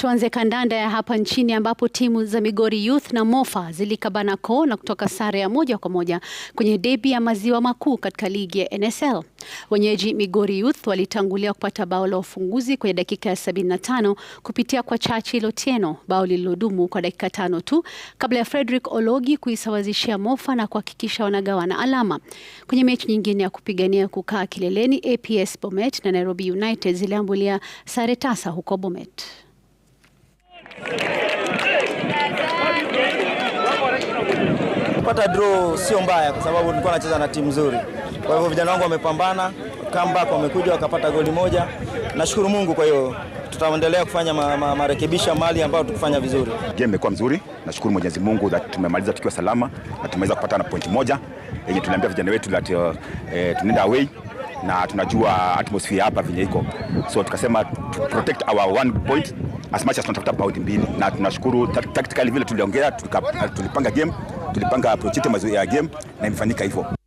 Tuanze kandanda ya hapa nchini ambapo timu za Migori Youth na Mofa zilikabana koo na kutoka sare ya moja kwa moja kwenye debi ya maziwa makuu katika ligi ya NSL. Wenyeji Migori Youth walitangulia kupata bao la ufunguzi kwenye dakika ya 75 kupitia kwa Chachi Lotieno, bao lililodumu kwa dakika tano tu kabla ya Frederick Ologi kuisawazishia Mofa na kuhakikisha wanagawana alama. Kwenye mechi nyingine ya kupigania kukaa kileleni, APS Bomet na Nairobi United ziliambulia sare tasa huko Bomet. kupata draw sio mbaya, kwa sababu nilikuwa nacheza na timu nzuri. Kwa hivyo vijana wangu wamepambana, comeback wamekuja wakapata goli moja, nashukuru Mungu. Kwa hiyo tutaendelea kufanya ma, ma, marekebisho mali ambayo tukufanya vizuri. Game imekuwa mzuri, nashukuru Mwenyezi Mungu that tumemaliza tukiwa salama na tumeweza kupata na point moja yenye tuliambia vijana wetu that uh, eh, tunaenda away na tunajua atmosphere hapa vile iko, so tukasema to protect our one point as much as tunatafuta point mbili, na tunashukuru tactically vile tuliongea tulipanga game tulipanga project ya game na imefanyika hivyo.